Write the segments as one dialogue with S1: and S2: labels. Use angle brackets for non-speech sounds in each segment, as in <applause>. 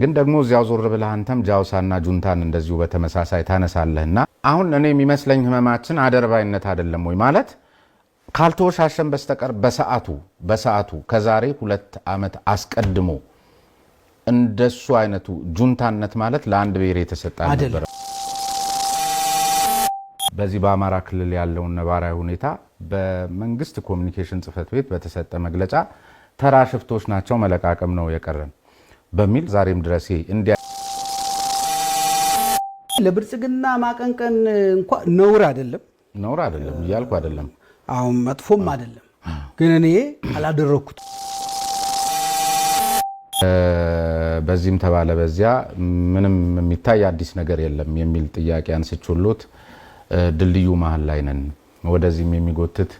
S1: ግን ደግሞ እዚያው ዞር ብለህ አንተም ጃውሳና ጁንታን እንደዚሁ በተመሳሳይ ታነሳለህና አሁን እኔ የሚመስለኝ ህመማችን አደርባይነት አይደለም ወይ ማለት ካልተወሻሸን በስተቀር በሰዓቱ በሰዓቱ ከዛሬ ሁለት ዓመት አስቀድሞ እንደሱ አይነቱ ጁንታነት ማለት ለአንድ ብሔር የተሰጠ ነበረ። በዚህ በአማራ ክልል ያለውን ነባራዊ ሁኔታ በመንግስት ኮሚኒኬሽን ጽህፈት ቤት በተሰጠ መግለጫ ተራ ሽፍቶች ናቸው መለቃቀም ነው የቀረን። በሚል ዛሬም ድረስ እንዲያ
S2: ለብልጽግና ማቀንቀን እንኳ ነውር አይደለም፣
S1: ነውር አይደለም እያልኩ አይደለም፣
S2: አሁን መጥፎም አይደለም። ግን እኔ አላደረግኩት
S1: በዚህም ተባለ በዚያ ምንም የሚታይ አዲስ ነገር የለም የሚል ጥያቄ አንስችሎት ድልድዩ መሀል ላይ ነን፣ ወደዚህም የሚጎትት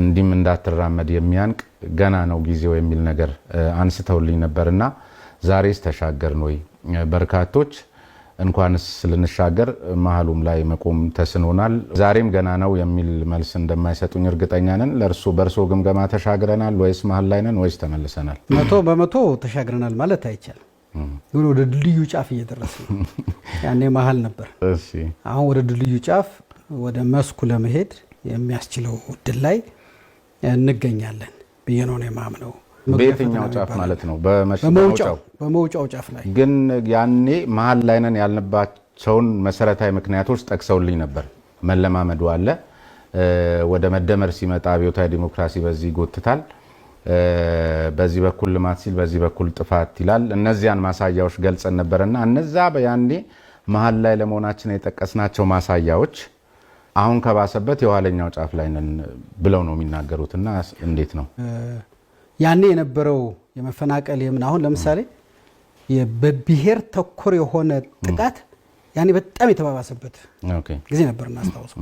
S1: እንዲህም እንዳትራመድ የሚያንቅ ገና ነው ጊዜው የሚል ነገር አንስተውልኝ ነበርና ዛሬስ ተሻገርን ወይ? በርካቶች እንኳንስ ልንሻገር መሀሉም ላይ መቆም ተስኖናል፣ ዛሬም ገና ነው የሚል መልስ እንደማይሰጡኝ እርግጠኛ ነን። ለእርሶ በእርሶ ግምገማ ተሻግረናል ወይስ መሀል ላይ ነን ወይስ ተመልሰናል?
S2: መቶ በመቶ ተሻግረናል ማለት አይቻልም። ግን ወደ ድልድዩ ጫፍ እየደረስ ነው። <laughs> ያኔ መሀል ነበር፣ አሁን ወደ ድልድዩ ጫፍ ወደ መስኩ ለመሄድ የሚያስችለው እድል ላይ እንገኛለን ብዬ ነው የማምነው።
S1: በየትኛው ጫፍ ማለት ነው?
S2: በመውጫው ጫፍ ላይ
S1: ግን ያኔ መሀል ላይ ነን ያልንባቸውን መሰረታዊ ምክንያቶች ጠቅሰውልኝ ነበር። መለማመዱ አለ ወደ መደመር ሲመጣ አብዮታዊ ዲሞክራሲ በዚህ ይጎትታል፣ በዚህ በኩል ልማት ሲል፣ በዚህ በኩል ጥፋት ይላል። እነዚያን ማሳያዎች ገልጸን ነበርና እነዛ ያኔ መሀል ላይ ለመሆናችን የጠቀስናቸው ማሳያዎች አሁን ከባሰበት የኋለኛው ጫፍ ላይ ነን ብለው ነው የሚናገሩትና እንዴት ነው
S2: ያኔ የነበረው የመፈናቀል የምን አሁን ለምሳሌ በብሔር ተኮር የሆነ ጥቃት ያኔ በጣም የተባባሰበት ጊዜ ነበር እናስታውስ።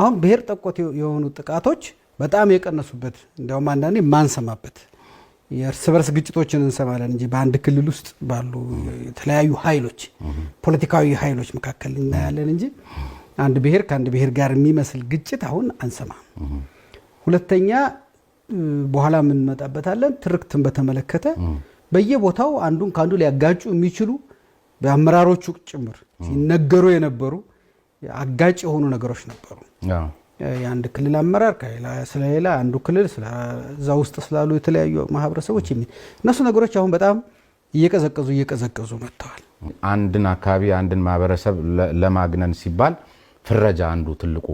S2: አሁን ብሔር ጠቆት የሆኑ ጥቃቶች በጣም የቀነሱበት እንዲያውም አንዳንዴ የማንሰማበት የእርስ በርስ ግጭቶችን እንሰማለን እንጂ በአንድ ክልል ውስጥ ባሉ የተለያዩ ኃይሎች ፖለቲካዊ ኃይሎች መካከል እናያለን እንጂ አንድ ብሔር ከአንድ ብሔር ጋር የሚመስል ግጭት አሁን አንሰማም። ሁለተኛ በኋላ የምንመጣበታለን። ትርክትን በተመለከተ በየቦታው አንዱን ከአንዱ ሊያጋጩ የሚችሉ በአመራሮቹ ጭምር ሲነገሩ የነበሩ አጋጭ የሆኑ ነገሮች ነበሩ። የአንድ ክልል አመራር ስለሌላ አንዱ ክልል እዛ ውስጥ ስላሉ የተለያዩ ማህበረሰቦች የሚል እነሱ ነገሮች አሁን በጣም እየቀዘቀዙ እየቀዘቀዙ መጥተዋል።
S1: አንድን አካባቢ አንድን ማህበረሰብ ለማግነን ሲባል ፍረጃ አንዱ ትልቁ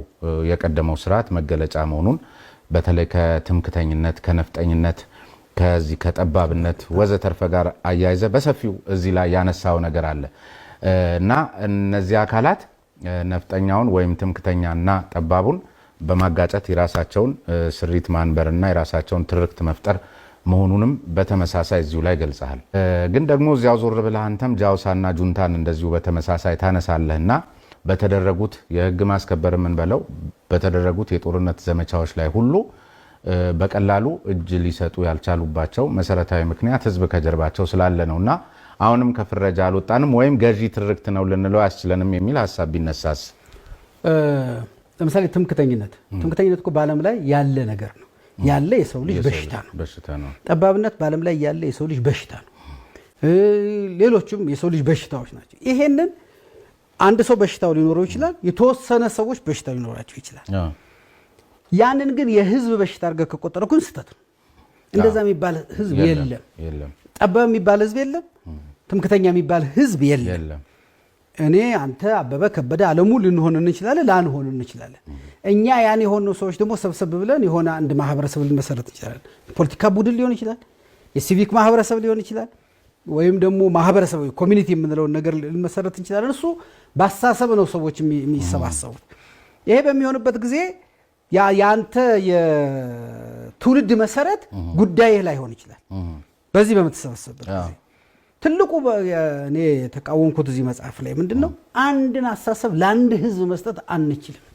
S1: የቀደመው ስርዓት መገለጫ መሆኑን በተለይ ከትምክተኝነት፣ ከነፍጠኝነት፣ ከዚህ ከጠባብነት ወዘተርፈ ጋር አያይዘ በሰፊው እዚህ ላይ ያነሳው ነገር አለ እና እነዚህ አካላት ነፍጠኛውን ወይም ትምክተኛና ጠባቡን በማጋጨት የራሳቸውን ስሪት ማንበርና የራሳቸውን ትርክት መፍጠር መሆኑንም በተመሳሳይ እዚሁ ላይ ገልጸሃል። ግን ደግሞ እዚያው ዞር ብለህ አንተም ጃውሳና ጁንታን እንደዚሁ በተመሳሳይ ታነሳለህና በተደረጉት የህግ ማስከበር ምን በለው በተደረጉት የጦርነት ዘመቻዎች ላይ ሁሉ በቀላሉ እጅ ሊሰጡ ያልቻሉባቸው መሰረታዊ ምክንያት ህዝብ ከጀርባቸው ስላለ ነው እና አሁንም ከፍረጃ አልወጣንም ወይም ገዢ ትርክት ነው ልንለው አያስችለንም የሚል ሀሳብ ቢነሳስ
S2: ለምሳሌ ትምክተኝነት ትምክተኝነት እኮ በዓለም ላይ ያለ ነገር ነው ያለ የሰው ልጅ በሽታ ነው። ጠባብነት በዓለም ላይ ያለ የሰው ልጅ በሽታ ነው። ሌሎችም የሰው ልጅ በሽታዎች ናቸው። ይሄንን አንድ ሰው በሽታው ሊኖረው ይችላል። የተወሰነ ሰዎች በሽታ ሊኖራቸው ይችላል። ያንን ግን የህዝብ በሽታ አድርገህ ከቆጠረ ግን ስህተት ነው። እንደዛ የሚባል ህዝብ የለም። ጠበብ የሚባል ህዝብ የለም። ትምክተኛ የሚባል ህዝብ የለም። እኔ አንተ አበበ ከበደ አለሙ ልንሆን እንችላለን፣ ላንሆን እንችላለን። እኛ ያን የሆነው ሰዎች ደግሞ ሰብሰብ ብለን የሆነ አንድ ማህበረሰብ ልንመሰረት እንችላለን። የፖለቲካ ቡድን ሊሆን ይችላል፣ የሲቪክ ማህበረሰብ ሊሆን ይችላል ወይም ደግሞ ማህበረሰብ ኮሚኒቲ የምንለውን ነገር ልንመሰረት እንችላለን። እሱ በአስተሳሰብ ነው ሰዎች የሚሰባሰቡት። ይሄ በሚሆንበት ጊዜ የአንተ የትውልድ መሰረት ጉዳይህ ላይሆን ይችላል። በዚህ በምትሰበሰብበት ጊዜ ትልቁ እኔ የተቃወምኩት እዚህ መጽሐፍ ላይ ምንድን ነው፣ አንድን አስተሳሰብ ለአንድ ህዝብ መስጠት አንችልም።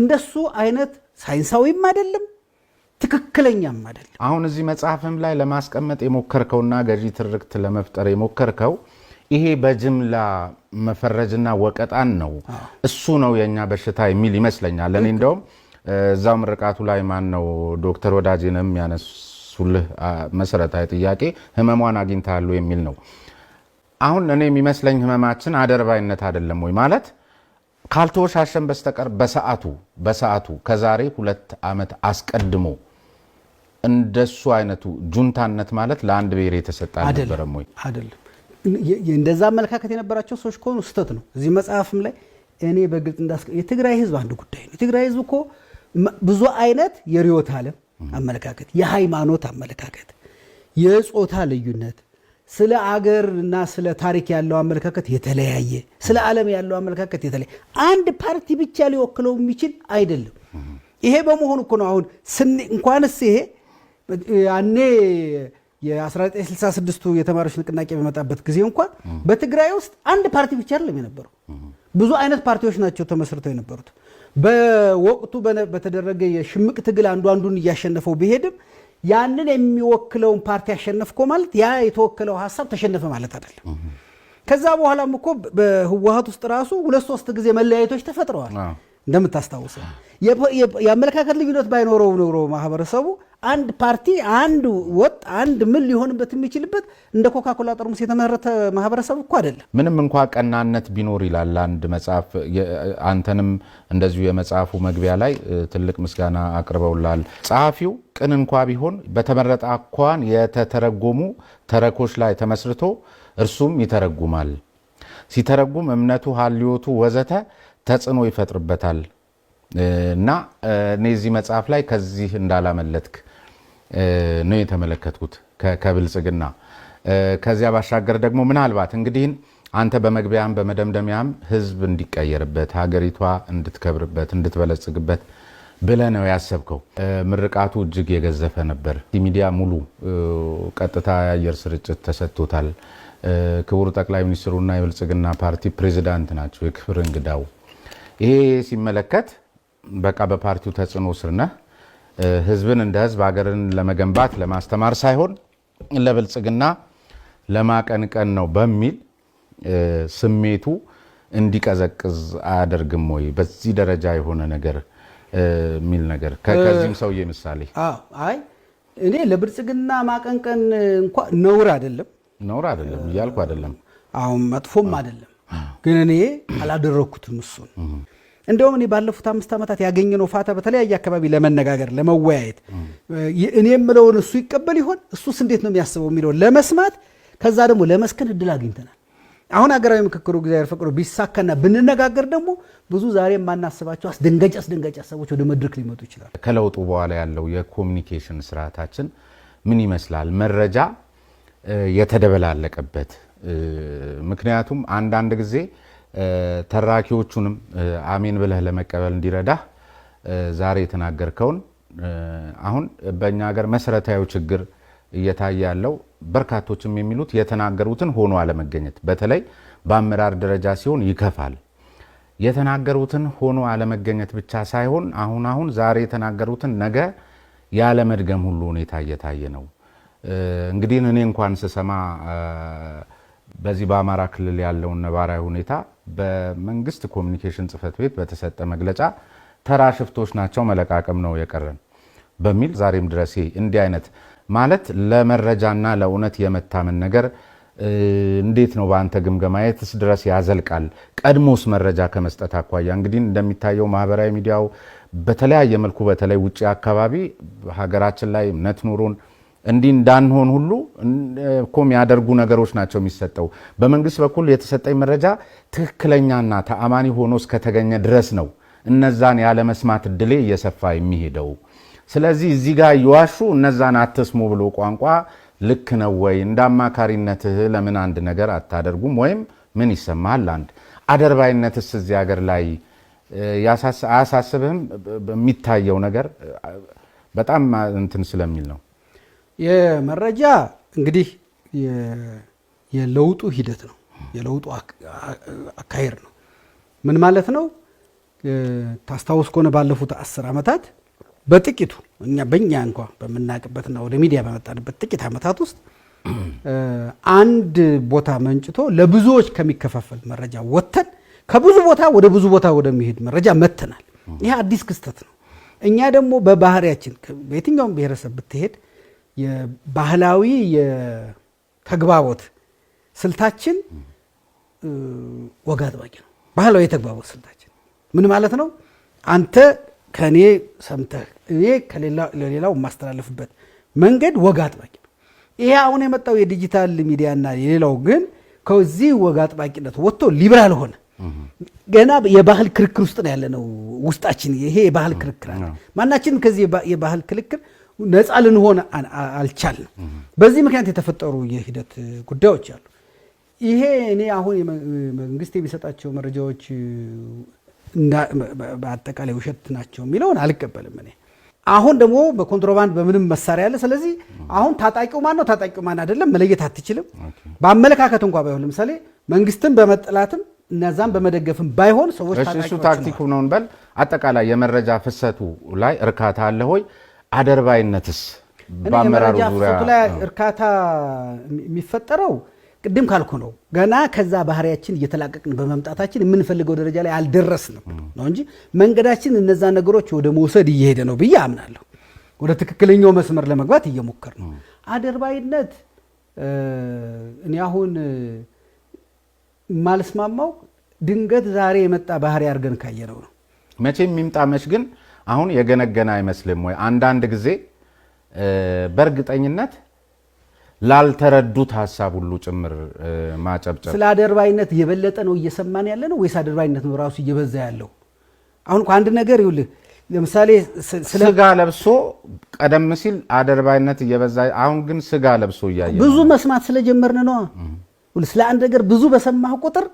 S2: እንደሱ አይነት ሳይንሳዊም አይደለም ትክክለኛም አይደለም።
S1: አሁን እዚህ መጽሐፍም ላይ ለማስቀመጥ የሞከርከውና ገዢ ትርክት ለመፍጠር የሞከርከው ይሄ በጅምላ መፈረጅና ወቀጣን ነው። እሱ ነው የእኛ በሽታ የሚል ይመስለኛል። እኔ እንደውም እዛው ምርቃቱ ላይ ማን ነው ዶክተር ወዳጄንም ያነሱልህ መሰረታዊ ጥያቄ ህመሟን አግኝታሉ የሚል ነው። አሁን እኔ የሚመስለኝ ህመማችን አደርባይነት አይደለም ወይ ማለት ካልተወሻሸን በስተቀር በሰዓቱ በሰዓቱ ከዛሬ ሁለት ዓመት አስቀድሞ እንደሱ አይነቱ ጁንታነት ማለት ለአንድ ብሔር የተሰጠ አልነበረም ወይ?
S2: አይደለም። እንደዛ አመለካከት የነበራቸው ሰዎች ከሆኑ ስህተት ነው። እዚህ መጽሐፍም ላይ እኔ በግልጽ እንዳስ የትግራይ ህዝብ አንድ ጉዳይ ነው። የትግራይ ህዝብ እኮ ብዙ አይነት የርዕዮተ ዓለም አመለካከት፣ የሃይማኖት አመለካከት፣ የጾታ ልዩነት፣ ስለ አገር እና ስለ ታሪክ ያለው አመለካከት የተለያየ፣ ስለ ዓለም ያለው አመለካከት የተለያየ፣ አንድ ፓርቲ ብቻ ሊወክለው የሚችል አይደለም። ይሄ በመሆኑ እኮ ነው አሁን እንኳንስ ይሄ ያኔ የ1966ቱ የተማሪዎች ንቅናቄ በመጣበት ጊዜ እንኳን በትግራይ ውስጥ አንድ ፓርቲ ብቻ አይደለም የነበረው። ብዙ አይነት ፓርቲዎች ናቸው ተመስርተው የነበሩት። በወቅቱ በተደረገ የሽምቅ ትግል አንዱ አንዱን እያሸነፈው ቢሄድም ያንን የሚወክለውን ፓርቲ አሸነፍኮ ማለት ያ የተወከለው ሀሳብ ተሸነፈ ማለት አይደለም። ከዛ በኋላም እኮ በህወሀት ውስጥ ራሱ ሁለት ሶስት ጊዜ መለያየቶች ተፈጥረዋል። እንደምታስታውሰው የአመለካከት ልዩነት ባይኖረው ኖሮ ማህበረሰቡ አንድ ፓርቲ አንድ ወጥ አንድ ምን ሊሆንበት የሚችልበት እንደ ኮካኮላ ጠርሙስ የተመረተ ማህበረሰብ እኮ አይደለም።
S1: ምንም እንኳ ቀናነት ቢኖር ይላል አንድ መጽሐፍ። አንተንም እንደዚሁ የመጽሐፉ መግቢያ ላይ ትልቅ ምስጋና አቅርበውላል ጸሐፊው። ቅን እንኳ ቢሆን በተመረጠ አኳን የተተረጎሙ ተረኮች ላይ ተመስርቶ እርሱም ይተረጉማል። ሲተረጉም እምነቱ፣ ሀልዮቱ ወዘተ ተጽዕኖ ይፈጥርበታል እና እኔ እዚህ መጽሐፍ ላይ ከዚህ እንዳላመለጥክ ነው የተመለከትኩት ከብልጽግና። ከዚያ ባሻገር ደግሞ ምናልባት እንግዲህ አንተ በመግቢያም በመደምደሚያም ህዝብ እንዲቀየርበት ሀገሪቷ እንድትከብርበት እንድትበለጽግበት ብለህ ነው ያሰብከው። ምርቃቱ እጅግ የገዘፈ ነበር። ሚዲያ ሙሉ ቀጥታ የአየር ስርጭት ተሰጥቶታል። ክቡር ጠቅላይ ሚኒስትሩና የብልጽግና ፓርቲ ፕሬዚዳንት ናቸው የክብር እንግዳው። ይሄ ሲመለከት በቃ በፓርቲው ተጽዕኖ ስር ነህ ህዝብን እንደ ህዝብ ሀገርን ለመገንባት ለማስተማር ሳይሆን ለብልጽግና ለማቀንቀን ነው በሚል ስሜቱ እንዲቀዘቅዝ አያደርግም ወይ? በዚህ ደረጃ የሆነ ነገር የሚል ነገር ከዚህም ሰውዬ ምሳሌ
S2: አይ እኔ ለብልጽግና ማቀንቀን እንኳ ነውር አይደለም፣
S1: ነውር አይደለም እያልኩ አይደለም፣
S2: አሁን መጥፎም አይደለም። ግን እኔ አላደረግኩትም እሱን እንደውም እኔ ባለፉት አምስት ዓመታት ያገኘነው ፋታ በተለያየ አካባቢ ለመነጋገር ለመወያየት፣ እኔ የምለውን እሱ ይቀበል ይሆን እሱስ እንዴት ነው የሚያስበው የሚለውን ለመስማት ከዛ ደግሞ ለመስከን እድል አግኝተናል። አሁን ሀገራዊ ምክክሩ እግዚአብሔር ፈቅዶ ቢሳካና ብንነጋገር ደግሞ ብዙ ዛሬ የማናስባቸው አስደንገጭ አስደንገጭ ሀሳቦች ወደ መድረክ ሊመጡ ይችላል።
S1: ከለውጡ በኋላ ያለው የኮሚኒኬሽን ስርዓታችን ምን ይመስላል? መረጃ የተደበላለቀበት ምክንያቱም አንዳንድ ጊዜ ተራኪዎቹንም አሜን ብለህ ለመቀበል እንዲረዳህ ዛሬ የተናገርከውን አሁን በእኛ ሀገር መሰረታዊ ችግር እየታየ ያለው በርካቶችም የሚሉት የተናገሩትን ሆኖ አለመገኘት በተለይ በአመራር ደረጃ ሲሆን ይከፋል። የተናገሩትን ሆኖ አለመገኘት ብቻ ሳይሆን አሁን አሁን ዛሬ የተናገሩትን ነገ ያለመድገም ሁሉ ሁኔታ እየታየ ነው። እንግዲህ እኔ እንኳን ስሰማ በዚህ በአማራ ክልል ያለውን ነባራዊ ሁኔታ በመንግስት ኮሚኒኬሽን ጽህፈት ቤት በተሰጠ መግለጫ ተራ ሽፍቶች ናቸው፣ መለቃቀም ነው የቀረን በሚል ዛሬም ድረስ እንዲህ አይነት ማለት ለመረጃና ለእውነት የመታመን ነገር እንዴት ነው በአንተ ግምገማ የትስ ድረስ ያዘልቃል? ቀድሞስ መረጃ ከመስጠት አኳያ እንግዲህ እንደሚታየው ማህበራዊ ሚዲያው በተለያየ መልኩ በተለይ ውጭ አካባቢ ሀገራችን ላይ እምነት ኑሮን እንዲህ እንዳንሆን ሁሉ እኮ የሚያደርጉ ነገሮች ናቸው የሚሰጠው። በመንግስት በኩል የተሰጠኝ መረጃ ትክክለኛና ተአማኒ ሆኖ እስከተገኘ ድረስ ነው እነዛን ያለመስማት እድሌ እየሰፋ የሚሄደው። ስለዚህ እዚህ ጋር እየዋሹ እነዛን አትስሙ ብሎ ቋንቋ ልክ ነው ወይ? እንደ አማካሪነትህ ለምን አንድ ነገር አታደርጉም? ወይም ምን ይሰማሃል? አንድ አደርባይነትስ እዚህ ሀገር ላይ አያሳስብህም? የሚታየው ነገር በጣም እንትን ስለሚል ነው።
S2: የመረጃ እንግዲህ የለውጡ ሂደት ነው፣ የለውጡ አካሄድ ነው። ምን ማለት ነው? ታስታውስ ከሆነ ባለፉት አስር ዓመታት በጥቂቱ እኛ በእኛ እንኳ በምናውቅበትና ወደ ሚዲያ በመጣንበት ጥቂት ዓመታት ውስጥ አንድ ቦታ መንጭቶ ለብዙዎች ከሚከፋፈል መረጃ ወጥተን ከብዙ ቦታ ወደ ብዙ ቦታ ወደሚሄድ መረጃ መጥተናል። ይህ አዲስ ክስተት ነው። እኛ ደግሞ በባህሪያችን በየትኛውም ብሔረሰብ ብትሄድ የባህላዊ የተግባቦት ስልታችን ወግ አጥባቂ ነው። ባህላዊ የተግባቦት ስልታችን ምን ማለት ነው? አንተ ከእኔ ሰምተህ እኔ ለሌላው የማስተላለፍበት መንገድ ወግ አጥባቂ ነው። ይሄ አሁን የመጣው የዲጂታል ሚዲያና የሌላው ግን ከዚህ ወግ አጥባቂነት ወጥቶ ሊብራል ሆነ። ገና የባህል ክርክር ውስጥ ነው ያለነው። ውስጣችን ይሄ የባህል ክርክር አለ። ማናችንም ከዚህ የባህል ክርክር ነፃ ልንሆን አልቻልም በዚህ ምክንያት የተፈጠሩ የሂደት ጉዳዮች አሉ። ይሄ እኔ አሁን መንግስት የሚሰጣቸው መረጃዎች በአጠቃላይ ውሸት ናቸው የሚለውን አልቀበልም እኔ አሁን ደግሞ በኮንትሮባንድ በምንም መሳሪያ አለ። ስለዚህ አሁን ታጣቂው ማን ነው ታጣቂው ማን አይደለም መለየት አትችልም። በአመለካከት እንኳ ባይሆን ለምሳሌ መንግስትን በመጠላትም እነዛም በመደገፍም ባይሆን ሰዎች
S1: ታክቲኩ ነውን በል አጠቃላይ የመረጃ ፍሰቱ ላይ እርካታ አለ ሆይ? አደርባይነትስ
S2: በአመራሩ ዙሪያ ላይ እርካታ የሚፈጠረው ቅድም ካልኩ ነው። ገና ከዛ ባህሪያችን እየተላቀቅን በመምጣታችን የምንፈልገው ደረጃ ላይ አልደረስንም ነው እንጂ መንገዳችን እነዛ ነገሮች ወደ መውሰድ እየሄደ ነው ብዬ አምናለሁ። ወደ ትክክለኛው መስመር ለመግባት እየሞከር ነው። አደርባይነት እኔ አሁን ማልስማማው ድንገት ዛሬ የመጣ ባህሪ አድርገን ካየነው ነው።
S1: መቼም የሚምጣ መች ግን አሁን የገነገነ አይመስልም ወይ? አንዳንድ ጊዜ በእርግጠኝነት ላልተረዱት ሀሳብ ሁሉ ጭምር ማጨብጨብ። ስለ
S2: አደርባይነት የበለጠ ነው እየሰማን ያለ ነው ወይስ አደርባይነት ነው ራሱ እየበዛ ያለው? አሁን እኮ አንድ ነገር ይኸውልህ፣ ለምሳሌ ስጋ
S1: ለብሶ ቀደም ሲል አደርባይነት እየበዛ አሁን ግን ስጋ ለብሶ እያየ
S2: ብዙ መስማት ስለጀመርን ነው። ስለ አንድ ነገር ብዙ በሰማህ ቁጥር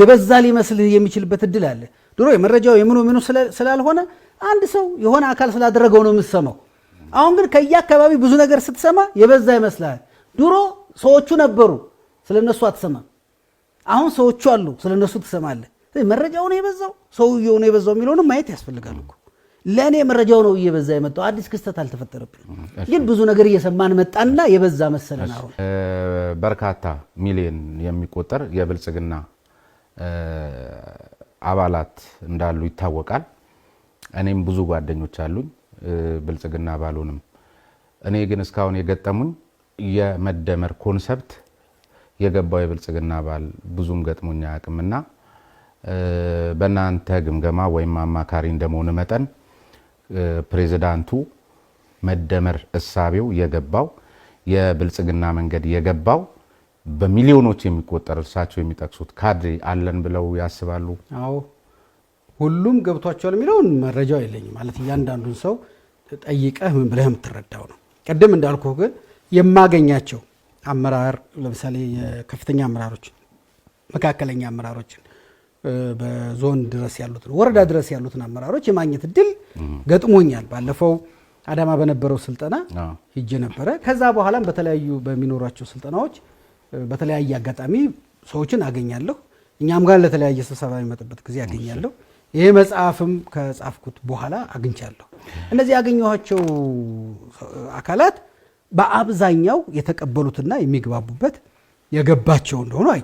S2: የበዛ ሊመስልህ የሚችልበት እድል አለ። ድሮ የመረጃው የምኑ ምኑ ስላልሆነ አንድ ሰው የሆነ አካል ስላደረገው ነው የምትሰማው። አሁን ግን ከየአካባቢ ብዙ ነገር ስትሰማ የበዛ ይመስላል። ድሮ ሰዎቹ ነበሩ፣ ስለነሱ አትሰማም። አሁን ሰዎቹ አሉ፣ ስለነሱ ትሰማለህ። መረጃው ነው የበዛው፣ ሰውየው ነው የበዛው የሚለውንም ማየት ያስፈልጋል እኮ ለእኔ መረጃው ነው እየበዛ የመጣው። አዲስ ክስተት አልተፈጠረብንም፣ ግን ብዙ ነገር እየሰማን መጣንና የበዛ መሰለን። አሁን
S1: በርካታ ሚሊዮን የሚቆጠር የብልጽግና አባላት እንዳሉ ይታወቃል። እኔም ብዙ ጓደኞች አሉኝ ብልጽግና ባሉንም እኔ ግን እስካሁን የገጠሙኝ የመደመር ኮንሰፕት የገባው የብልጽግና ባል ብዙም ገጥሞኛ አቅምና በእናንተ ግምገማ ወይም አማካሪ እንደመሆን መጠን ፕሬዚዳንቱ መደመር እሳቤው የገባው የብልጽግና መንገድ የገባው በሚሊዮኖች የሚቆጠር እርሳቸው የሚጠቅሱት ካድሬ አለን ብለው ያስባሉ?
S2: አዎ። ሁሉም ገብቷቸዋል የሚለውን መረጃው የለኝም። ማለት እያንዳንዱን ሰው ጠይቀህ ምን ብለህ የምትረዳው ነው። ቅድም እንዳልኩ ግን የማገኛቸው አመራር ለምሳሌ የከፍተኛ አመራሮችን፣ መካከለኛ አመራሮችን፣ በዞን ድረስ ያሉትን ወረዳ ድረስ ያሉትን አመራሮች የማግኘት እድል ገጥሞኛል። ባለፈው አዳማ በነበረው ስልጠና ሂጄ ነበረ። ከዛ በኋላም በተለያዩ በሚኖሯቸው ስልጠናዎች በተለያየ አጋጣሚ ሰዎችን አገኛለሁ። እኛም ጋር ለተለያየ ስብሰባ የሚመጥበት ጊዜ አገኛለሁ። ይህ መጽሐፍም ከጻፍኩት በኋላ አግኝቻለሁ። እነዚህ ያገኘኋቸው አካላት በአብዛኛው የተቀበሉትና የሚግባቡበት የገባቸው እንደሆኑ አይ